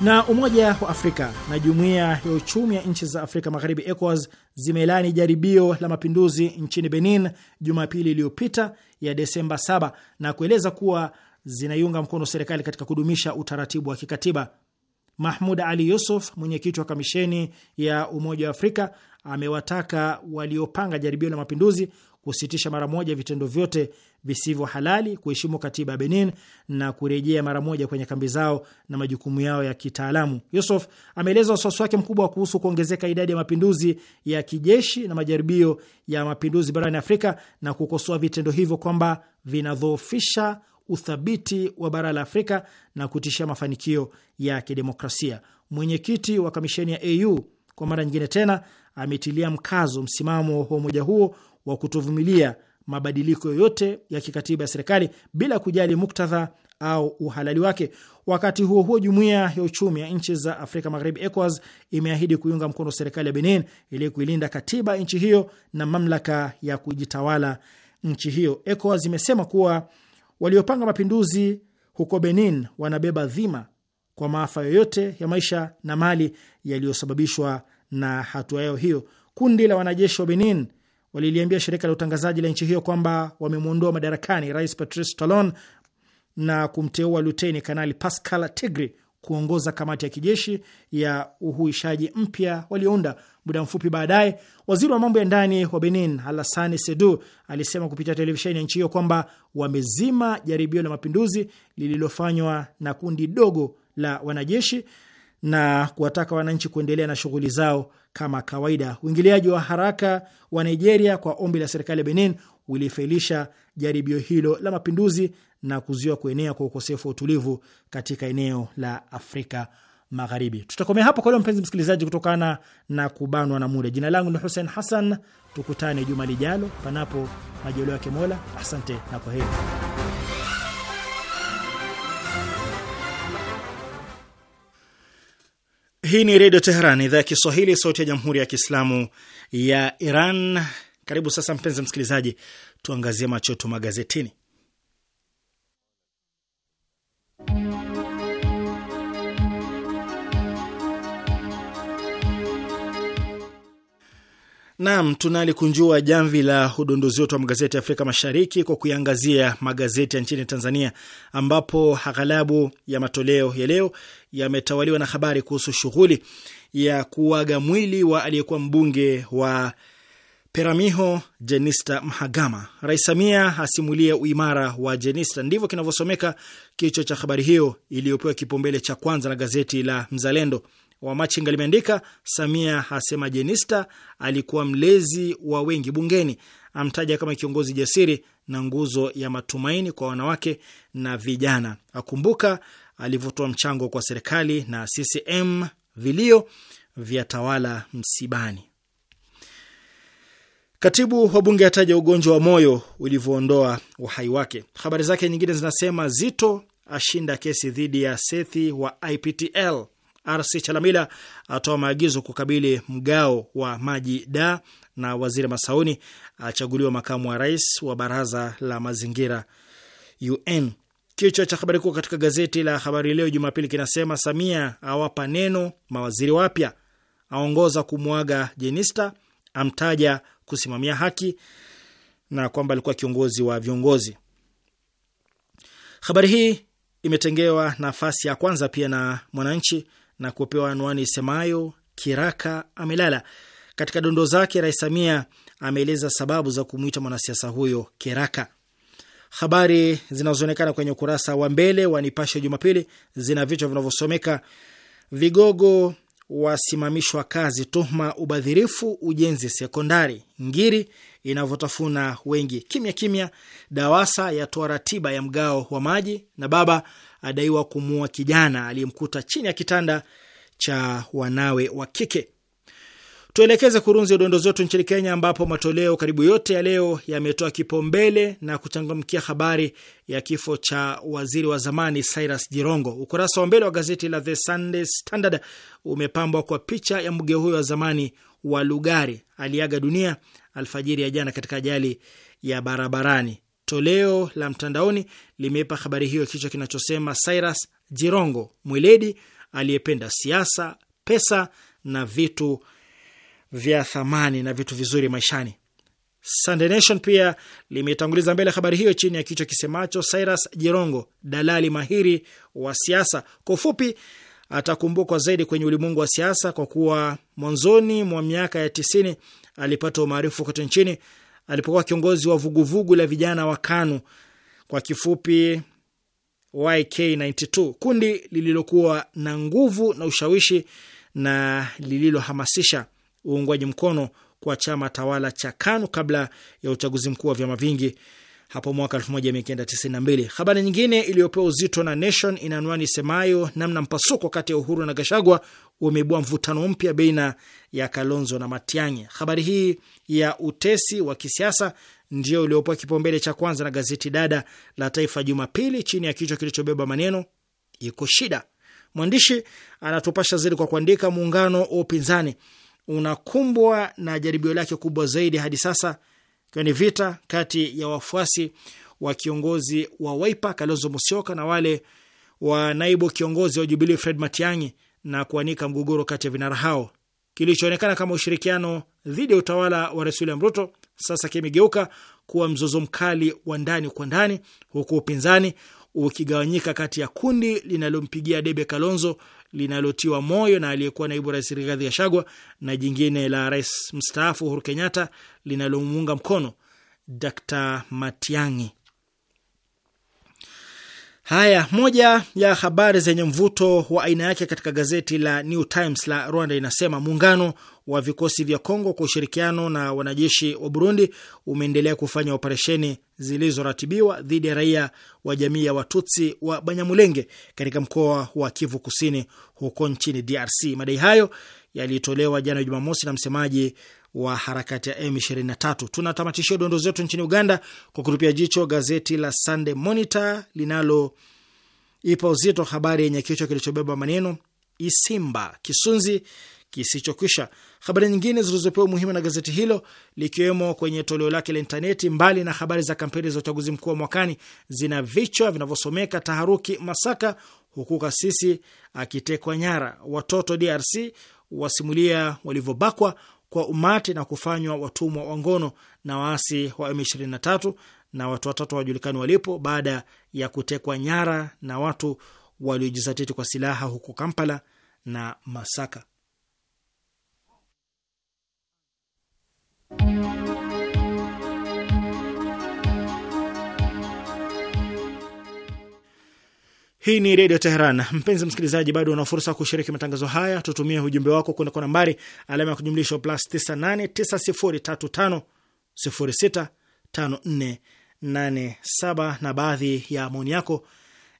Na Umoja wa Afrika na Jumuiya ya Uchumi ya Nchi za Afrika Magharibi, ECOWAS, zimeelani jaribio la mapinduzi nchini Benin Jumapili iliyopita ya Desemba 7 na kueleza kuwa zinaiunga mkono serikali katika kudumisha utaratibu wa kikatiba. Mahmud Ali Yusuf, mwenyekiti wa kamisheni ya Umoja wa Afrika, amewataka waliopanga jaribio la mapinduzi kusitisha mara moja vitendo vyote visivyo halali, kuheshimu katiba ya Benin na kurejea mara moja kwenye kambi zao na majukumu yao ya kitaalamu. Yusuf ameeleza wasiwasi wake mkubwa kuhusu kuongezeka idadi ya mapinduzi ya kijeshi na majaribio ya mapinduzi barani Afrika na kukosoa vitendo hivyo kwamba vinadhoofisha uthabiti wa bara la Afrika na kutishia mafanikio ya kidemokrasia. Mwenyekiti wa kamisheni ya AU kwa mara nyingine tena ametilia mkazo msimamo wa umoja huo wa kutovumilia mabadiliko yoyote ya kikatiba ya serikali bila kujali muktadha au uhalali wake. Wakati huo huo, jumuiya ya uchumi ya nchi za Afrika Magharibi, ECOWAS, imeahidi kuiunga mkono serikali ya Benin ili kuilinda katiba nchi hiyo na mamlaka ya kujitawala nchi hiyo. ECOWAS imesema kuwa waliopanga mapinduzi huko Benin wanabeba dhima kwa maafa yoyote ya maisha na mali yaliyosababishwa na hatua yao hiyo. Kundi la wanajeshi wa Benin waliliambia shirika la utangazaji la nchi hiyo kwamba wamemwondoa madarakani rais Patrice Talon na kumteua luteni kanali Pascal Tigri kuongoza kamati ya kijeshi ya uhuishaji mpya waliounda. Muda mfupi baadaye, waziri wa mambo ya ndani wa Benin Alassane Sedu alisema kupitia televisheni ya nchi hiyo kwamba wamezima jaribio la mapinduzi lililofanywa na kundi dogo la wanajeshi na kuwataka wananchi kuendelea na shughuli zao kama kawaida. Uingiliaji wa haraka wa Nigeria kwa ombi la serikali ya Benin ulifailisha jaribio hilo la mapinduzi na kuzuia kuenea kwa ukosefu wa utulivu katika eneo la Afrika Magharibi. Tutakomea hapo kwa leo, mpenzi msikilizaji, kutokana na kubanwa na muda. Jina langu ni Hussein Hassan, tukutane juma lijalo, panapo majaliwa yake Mola. Asante na kwa heri. Hii ni Redio Teheran, idhaa ya Kiswahili, sauti ya Jamhuri ya Kiislamu ya Iran. Karibu sasa, mpenzi msikilizaji, tuangazie machoto magazetini. Naam, tunalikunjua jamvi la udondozi wetu wa magazeti ya Afrika Mashariki kwa kuiangazia magazeti ya nchini Tanzania, ambapo aghalabu ya matoleo ya leo yametawaliwa na habari kuhusu shughuli ya kuaga mwili wa aliyekuwa mbunge wa Peramiho Jenista Mhagama. Rais Samia asimulia uimara wa Jenista, ndivyo kinavyosomeka kichwa cha habari hiyo iliyopewa kipaumbele cha kwanza na gazeti la Mzalendo. Machinga limeandika Samia asema Jenista alikuwa mlezi wa wengi bungeni, amtaja kama kiongozi jasiri na nguzo ya matumaini kwa wanawake na vijana, akumbuka alivyotoa mchango kwa serikali na CCM. Vilio vya tawala msibani. Katibu wa bunge ataja ugonjwa wa moyo ulivyoondoa uhai wake. Habari zake nyingine zinasema Zito ashinda kesi dhidi ya Sethi wa IPTL, RC Chalamila atoa maagizo kukabili mgao wa maji da, na waziri Masauni achaguliwa makamu wa rais wa baraza la mazingira UN. Kichwa cha habari kuu katika gazeti la Habari Leo Jumapili kinasema Samia awapa neno mawaziri wapya, aongoza kumwaga Jenista, amtaja kusimamia haki na kwamba alikuwa kiongozi wa viongozi. Habari hii imetengewa nafasi ya kwanza pia na Mwananchi na kupewa anwani isemayo kiraka amelala. Katika dondo zake, Rais Samia ameeleza sababu za kumwita mwanasiasa huyo kiraka. Habari zinazoonekana kwenye ukurasa wa mbele wa Nipashe Jumapili zina vichwa vinavyosomeka vigogo wasimamishwa kazi, tuhuma ubadhirifu ujenzi sekondari, ngiri inavyotafuna wengi kimya kimya, DAWASA yatoa ratiba ya mgao wa maji, na baba adaiwa kumuua kijana aliyemkuta chini ya kitanda cha wanawe wa kike. Tuelekeze kurunzi ya dondoo zetu nchini Kenya, ambapo matoleo karibu yote ya leo yametoa kipaumbele na kuchangamkia habari ya kifo cha waziri wa zamani Cyrus Jirongo. Ukurasa wa mbele wa gazeti la The Sunday Standard umepambwa kwa picha ya mbunge huyo wa zamani wa Lugari aliaga dunia alfajiri ya jana katika ajali ya barabarani. Toleo la mtandaoni limeipa habari hiyo kichwa kinachosema Cyrus Jirongo, mweledi aliyependa siasa, pesa na vitu vya thamani na vitu vizuri maishani. Sunday Nation pia limetanguliza mbele habari hiyo chini ya kichwa kisemacho Cyrus Jirongo, dalali mahiri wa siasa. Kwa ufupi, atakumbukwa zaidi kwenye ulimwengu wa siasa kwa kuwa mwanzoni mwa miaka ya tisini alipata umaarufu kote nchini alipokuwa kiongozi wa vuguvugu la vijana wa KANU kwa kifupi YK92, kundi lililokuwa na nguvu na ushawishi na lililohamasisha uungwaji mkono kwa chama tawala cha KANU kabla ya uchaguzi mkuu wa vyama vingi hapo mwaka 1992. Habari nyingine iliyopewa uzito na Nation ina anwani semayo namna mpasuko kati ya Uhuru na Gashagwa umeibua mvutano mpya baina ya Kalonzo na Matiang'i. Habari hii ya utesi wa kisiasa ndiyo iliyopewa kipaumbele cha kwanza na gazeti dada la Taifa Jumapili chini ya kichwa kilichobeba maneno iko shida. Mwandishi anatupasha zaidi kwa kuandika, muungano wa upinzani unakumbwa na jaribio lake kubwa zaidi hadi sasa ikiwa ni vita kati ya wafuasi wa kiongozi wa Wiper Kalonzo Musyoka na wale wa naibu kiongozi wa Jubilee Fred Matiang'i na kuanika mgogoro kati ya vinara hao. Kilichoonekana kama ushirikiano dhidi ya utawala wa Rais William Ruto sasa kimegeuka kuwa mzozo mkali wa ndani kwa ndani, huku upinzani ukigawanyika kati ya kundi linalompigia debe Kalonzo linalotiwa moyo na aliyekuwa naibu rais Rigathi Gachagua na jingine la rais mstaafu Uhuru Kenyatta linalomuunga mkono Dr Matiang'i Haya, moja ya habari zenye mvuto wa aina yake katika gazeti la New Times la Rwanda inasema muungano wa vikosi vya Kongo kwa ushirikiano na wanajeshi wa Burundi umeendelea kufanya operesheni zilizoratibiwa dhidi ya raia wa jamii ya Watutsi wa Banyamulenge katika mkoa wa Kivu Kusini huko nchini DRC. Madai hayo yalitolewa jana Jumamosi na msemaji wa harakati ya M23. Tunatamatishia dondoo zetu nchini Uganda kwa kutupia jicho gazeti la Sunday Monitor linaloipa uzito habari yenye kichwa kilichobeba maneno Isimba kisunzi kisichokwisha. Habari nyingine zilizopewa umuhimu na gazeti hilo, likiwemo kwenye toleo lake la intaneti, mbali na habari za kampeni za uchaguzi mkuu wa mwakani, zina vichwa vinavyosomeka taharuki Masaka, huku kasisi akitekwa nyara, watoto DRC wasimulia walivyobakwa, kwa umati na kufanywa watumwa wa ngono na waasi wa M23 na watu watatu hawajulikani walipo baada ya kutekwa nyara na watu waliojizatiti kwa silaha huko Kampala na Masaka. Hii ni Redio Teheran. Mpenzi msikilizaji, bado una fursa kushiriki matangazo haya. Tutumie ujumbe wako kwenda kwa nambari alama ya kujumlisha plus 989035065487 na baadhi ya maoni yako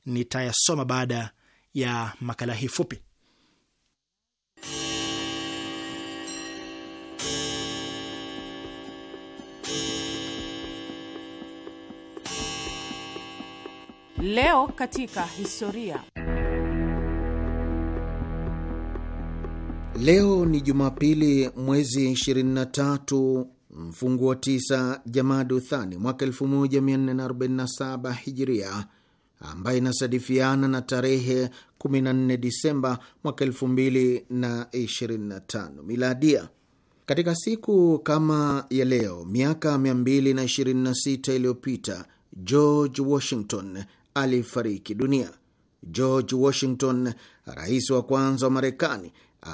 nitayasoma baada ya makala hii fupi. Leo katika historia. Leo ni Jumapili, mwezi 23 mfunguo 9 Jamadu Thani mwaka 1447 Hijiria, ambaye inasadifiana na tarehe 14 Disemba mwaka 2025 Miladia. Katika siku kama ya leo miaka 226 iliyopita George Washington alifariki dunia. George Washington, rais wa kwanza wa Marekani,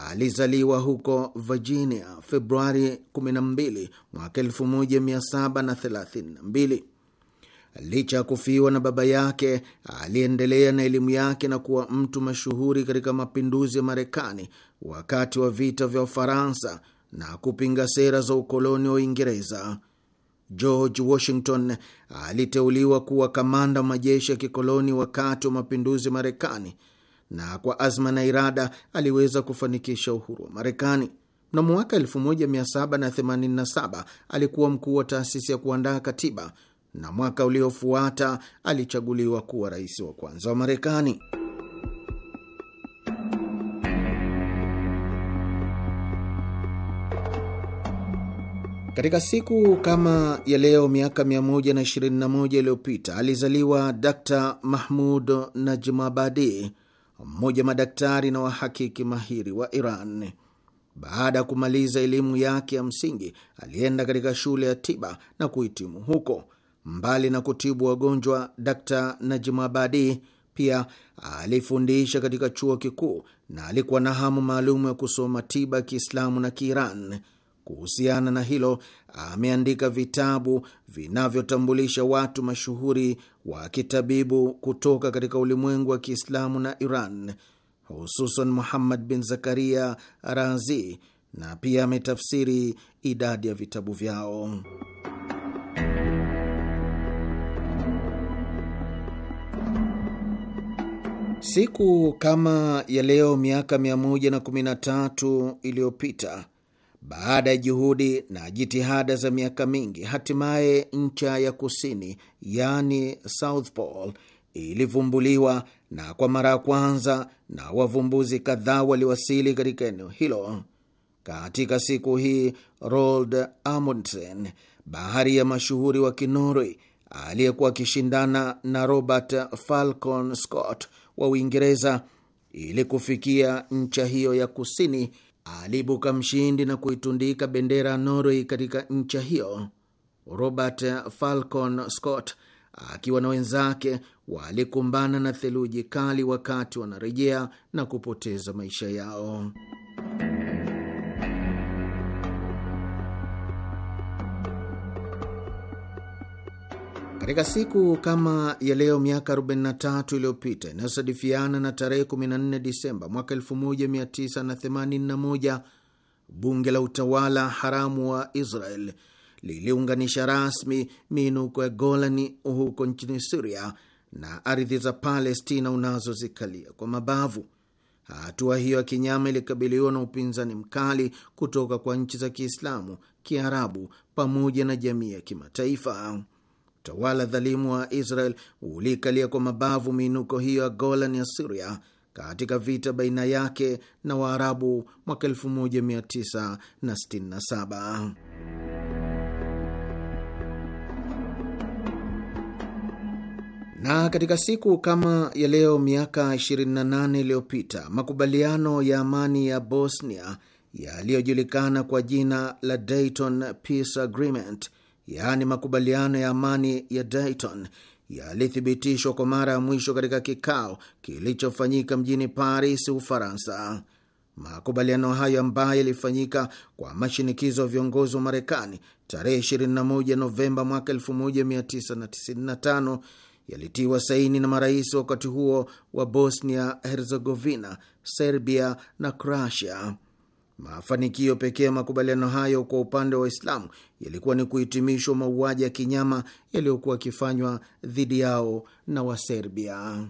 alizaliwa huko Virginia Februari 12 mwaka 1732. Licha ya kufiwa na baba yake, aliendelea na elimu yake na kuwa mtu mashuhuri katika mapinduzi ya Marekani wakati wa vita vya Ufaransa na kupinga sera za ukoloni wa Uingereza. George Washington aliteuliwa kuwa kamanda wa majeshi ya kikoloni wakati wa mapinduzi Marekani, na kwa azma na irada aliweza kufanikisha uhuru wa Marekani. Mnamo mwaka 1787 alikuwa mkuu wa taasisi ya kuandaa katiba, na mwaka uliofuata alichaguliwa kuwa rais wa kwanza wa Marekani. Katika siku kama ya leo miaka 121 iliyopita alizaliwa Dr Mahmud Najmabadi, mmoja madaktari na wahakiki mahiri wa Iran. Baada ya kumaliza elimu yake ya msingi, alienda katika shule ya tiba na kuhitimu huko. Mbali na kutibu wagonjwa, Dr Najmabadi pia alifundisha katika chuo kikuu na alikuwa na hamu maalum ya kusoma tiba ya Kiislamu na Kiiran. Kuhusiana na hilo, ameandika vitabu vinavyotambulisha watu mashuhuri wa kitabibu kutoka katika ulimwengu wa Kiislamu na Iran, hususan Muhammad bin Zakaria Razi, na pia ametafsiri idadi ya vitabu vyao. Siku kama ya leo miaka 113 iliyopita baada ya juhudi na jitihada za miaka mingi, hatimaye ncha ya kusini, yaani South Pole, ilivumbuliwa na kwa mara ya kwanza na wavumbuzi kadhaa waliwasili katika eneo hilo. Katika siku hii Roald Amundsen, ya mashuhuri wa Kinorwe aliyekuwa akishindana na Robert Falcon Scott wa Uingereza ili kufikia ncha hiyo ya kusini aliibuka mshindi na kuitundika bendera ya Norway katika ncha hiyo. Robert Falcon Scott akiwa na wenzake walikumbana na theluji kali wakati wanarejea na kupoteza maisha yao. Katika siku kama ya leo miaka 43 iliyopita inayosadifiana na tarehe 14 Disemba mwaka 1981 bunge la utawala haramu wa Israel liliunganisha rasmi miinuko ya Golani huko nchini Siria na ardhi za Palestina unazozikalia kwa mabavu. Hatua hiyo ya kinyama ilikabiliwa na upinzani mkali kutoka kwa nchi za Kiislamu, Kiarabu pamoja na jamii ya kimataifa. Utawala dhalimu wa Israel uliikalia kwa mabavu miinuko hiyo ya Golan ya Siria katika vita baina yake na Waarabu mwaka 1967. Na katika siku kama ya leo miaka 28 iliyopita makubaliano ya amani ya Bosnia yaliyojulikana kwa jina la Dayton Peace Agreement yaani makubaliano ya amani ya Dayton yalithibitishwa kwa mara ya mwisho katika kikao kilichofanyika mjini Paris, Ufaransa. Makubaliano hayo ambayo yalifanyika kwa mashinikizo ya viongozi wa Marekani tarehe 21 Novemba mwaka 1995 yalitiwa saini na marais wakati huo wa Bosnia Herzegovina, Serbia na Croatia. Mafanikio pekee ya makubaliano hayo kwa upande wa Waislamu yalikuwa ni kuhitimishwa mauaji ya kinyama yaliyokuwa yakifanywa dhidi yao na Waserbia.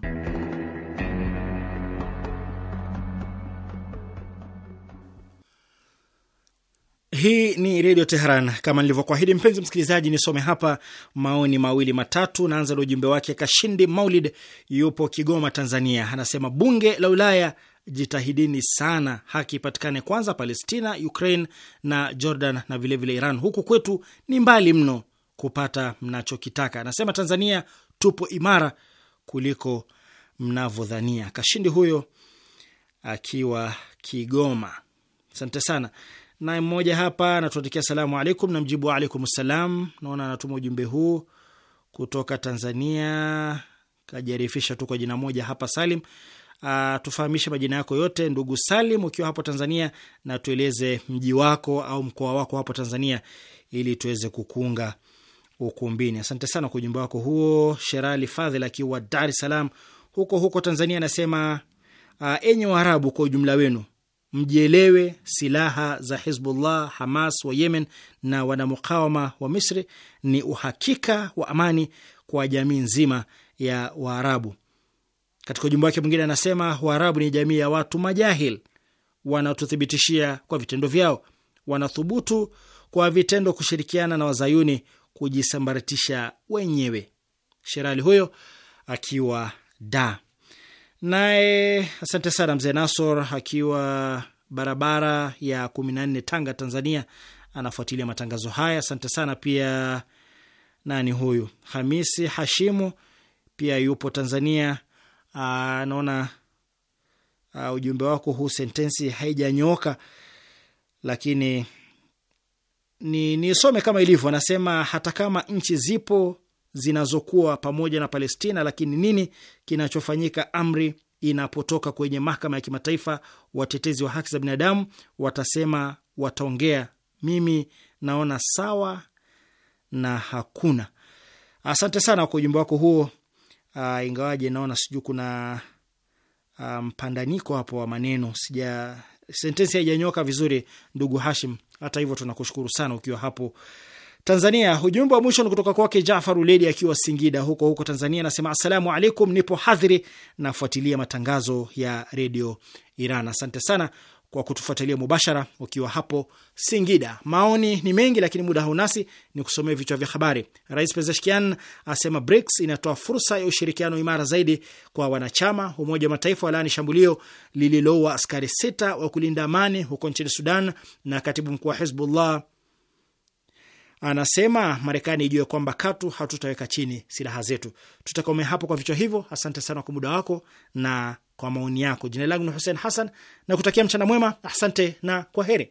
Hii ni Redio Teheran. Kama nilivyokuahidi, mpenzi msikilizaji, nisome hapa maoni mawili matatu. Naanza na ujumbe wake Kashindi Maulid, yupo Kigoma, Tanzania, anasema bunge la Ulaya jitahidini sana haki ipatikane kwanza Palestina, Ukraine na Jordan na vilevile vile Iran. Huku kwetu ni mbali mno kupata mnachokitaka. Anasema Tanzania tupo imara kuliko mnavyodhania. Kashindi huyo akiwa Kigoma, asante sana. Naye mmoja hapa anatuandikia salamu alaikum, namjibu alaikum salam. Naona anatuma ujumbe huu kutoka Tanzania, kajiarifisha tu kwa jina moja hapa, Salim uh, tufahamishe majina yako yote, ndugu Salim, ukiwa hapo Tanzania, na tueleze mji wako au mkoa wako hapo Tanzania ili tuweze kukunga ukumbini. Asante sana kwa ujumbe wako huo. Sherali Fadhil akiwa Dar es Salaam huko huko Tanzania anasema uh, ah, enye Waarabu kwa ujumla wenu mjielewe, silaha za Hizbullah, Hamas wa Yemen na wanamukawama wa Misri ni uhakika wa amani kwa jamii nzima ya Waarabu. Katika ujumbe wake mwingine anasema Waarabu ni jamii ya watu majahil, wanatuthibitishia kwa vitendo vyao, wanathubutu kwa vitendo kushirikiana na wazayuni kujisambaratisha wenyewe. Sherali huyo akiwa da naye. Asante sana mzee Nasor akiwa barabara ya kumi na nne Tanga, Tanzania, anafuatilia matangazo haya. Asante sana pia. Nani huyu Hamisi Hashimu pia yupo Tanzania. Ah, naona ah, ujumbe wako huu, sentensi haijanyoka lakini ni nisome kama ilivyo. Anasema hata kama nchi zipo zinazokuwa pamoja na Palestina, lakini nini kinachofanyika amri inapotoka kwenye mahakama ya kimataifa? Watetezi wa haki za binadamu watasema, wataongea. Mimi naona sawa na hakuna. Asante sana kwa ujumbe wako huo uh, ingawaje naona sijui kuna ah, mpandaniko um, hapo wa maneno, sija sentensi haijanyoka vizuri, ndugu Hashim. Hata hivyo tunakushukuru sana ukiwa hapo Tanzania. Ujumbe wa mwisho ni kutoka kwake Jafar Uledi akiwa Singida huko huko Tanzania, anasema assalamu alaikum, nipo hadhiri, nafuatilia matangazo ya redio Iran. Asante sana kwa kutufuatilia mubashara ukiwa hapo Singida. Maoni ni mengi, lakini muda haunasi ni kusomea vichwa vya habari. Rais Pezeshkian asema BRICS inatoa fursa ya ushirikiano imara zaidi kwa wanachama. Umoja wa Mataifa walaani shambulio lililoua askari sita wa kulinda amani huko nchini Sudan, na katibu mkuu wa Hezbullah anasema Marekani ijue kwamba katu hatutaweka chini silaha zetu. Tutakomea hapo kwa vichwa hivyo. Asante sana kwa muda wako na kwa maoni yako. Jina langu ni Hussein Hassan na kutakia mchana mwema. Asante na kwa heri.